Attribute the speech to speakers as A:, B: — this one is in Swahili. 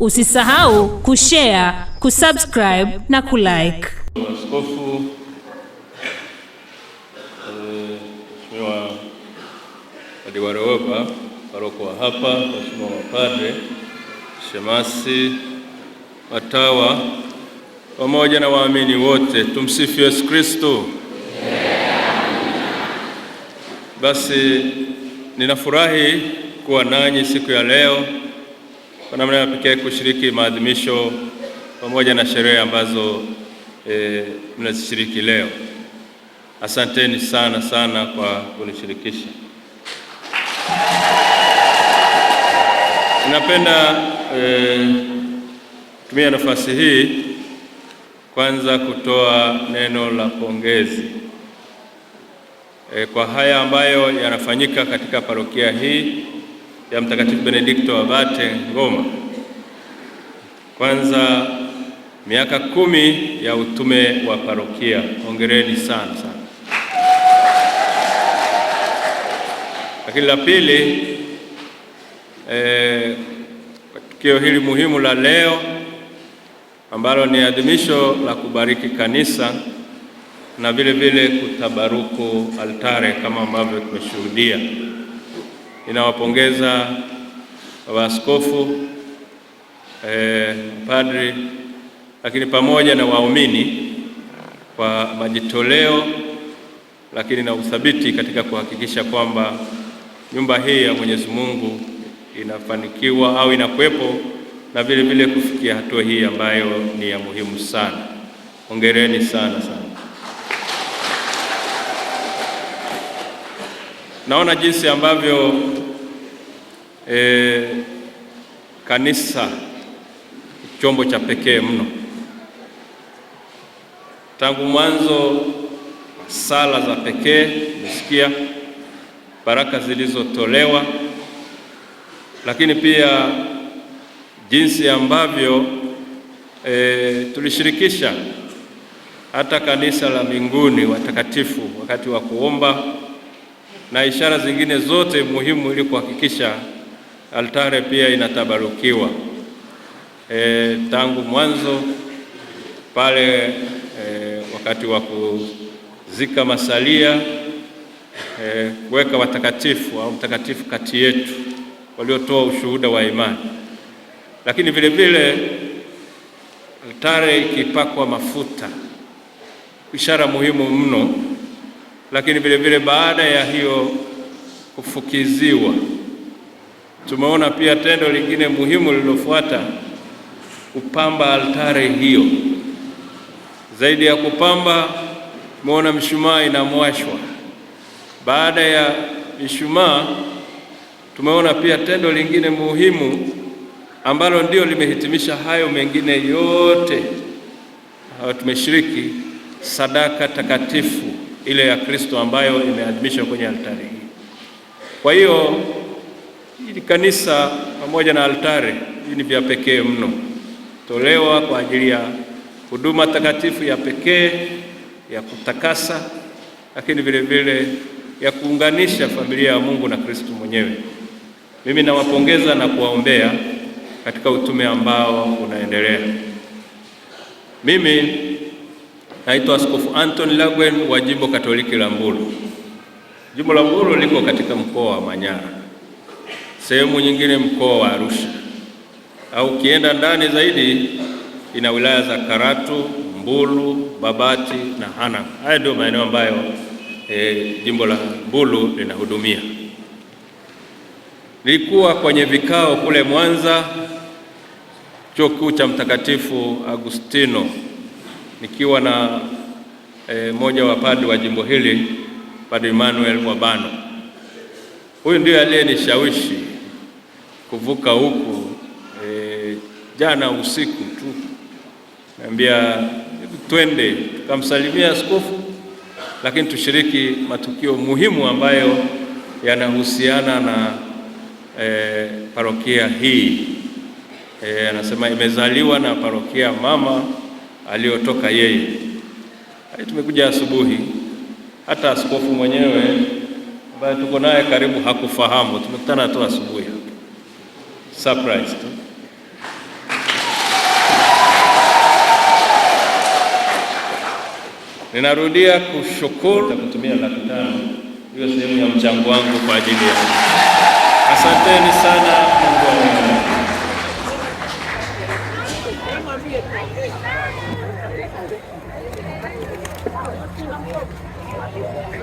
A: Usisahau kushare, kusubscribe na kulike.
B: Askofu Mheshimiwa Adiwareopa hapa, waheshimiwa wapade shemasi, watawa pamoja na waamini wote, tumsifu Yesu Kristo. Basi ninafurahi kuwa nanyi siku ya leo kwa namna ya pekee kushiriki maadhimisho pamoja na sherehe ambazo e, mnazishiriki leo. Asanteni sana sana kwa kunishirikisha. Ninapenda e, kutumia e, nafasi hii kwanza kutoa neno la pongezi e, kwa haya ambayo yanafanyika katika parokia hii ya Mtakatifu Benedikto wa Ngoma. Kwanza, miaka kumi ya utume wa parokia, hongereni sana sana. Lakini la pili, eh, tukio hili muhimu la leo ambalo ni adhimisho la kubariki kanisa na vile vile kutabaruku altare kama ambavyo tumeshuhudia inawapongeza askofu eh, padri lakini pamoja na waumini kwa majitoleo lakini na uthabiti katika kuhakikisha kwamba nyumba hii ya Mwenyezi Mungu inafanikiwa au inakuwepo na vile vile kufikia hatua hii ambayo ni ya muhimu sana. Hongereni sana sana. naona jinsi ambavyo e, kanisa chombo cha pekee mno. Tangu mwanzo sala za pekee, umesikia baraka zilizotolewa, lakini pia jinsi ambavyo e, tulishirikisha hata kanisa la mbinguni watakatifu wakati wa kuomba na ishara zingine zote muhimu ili kuhakikisha altare pia inatabarukiwa. E, tangu mwanzo pale e, wakati wa kuzika masalia e, kuweka watakatifu au mtakatifu kati yetu waliotoa ushuhuda wa imani, lakini vile vile altare ikipakwa mafuta, ishara muhimu mno lakini vile vile baada ya hiyo kufukiziwa, tumeona pia tendo lingine muhimu lililofuata, kupamba altare hiyo. Zaidi ya kupamba, tumeona mshumaa inamwashwa. Baada ya mishumaa, tumeona pia tendo lingine muhimu ambalo ndio limehitimisha hayo mengine yote tumeshiriki, sadaka takatifu ile ya Kristo ambayo imeadhimishwa kwenye altari hii. Kwa hiyo ili kanisa pamoja na altari hii ni vya pekee mno, tolewa kwa ajili ya huduma takatifu ya pekee ya kutakasa, lakini vile vile ya kuunganisha familia ya Mungu na Kristo mwenyewe. Mimi nawapongeza na kuwaombea katika utume ambao unaendelea. Mimi Naitwa Askofu Anton Lagwen wa Jimbo Katoliki la Mbulu. Jimbo la Mbulu liko katika mkoa wa Manyara, sehemu nyingine mkoa wa Arusha, au ukienda ndani zaidi ina wilaya za Karatu, Mbulu, Babati na Hanang. Haya ndio maeneo ambayo e, jimbo la Mbulu linahudumia. Nilikuwa kwenye vikao kule Mwanza, chuo kikuu cha Mtakatifu Agustino nikiwa na e, mmoja wa padri wa jimbo hili Padri Emmanuel Mwabano. Huyu ndiye aliyenishawishi kuvuka huku. E, jana usiku tu naambia twende tukamsalimia askofu, lakini tushiriki matukio muhimu ambayo yanahusiana na e, parokia hii. E, anasema imezaliwa na parokia mama aliyotoka yeye. Tumekuja asubuhi, hata askofu mwenyewe ambaye tuko naye karibu hakufahamu. Tumekutana tu asubuhi hapa, surprise tu. Ninarudia kushukuru na kutumia laki tano hiyo sehemu ya mchango wangu kwa ajili ya. Asanteni sana. Thank you.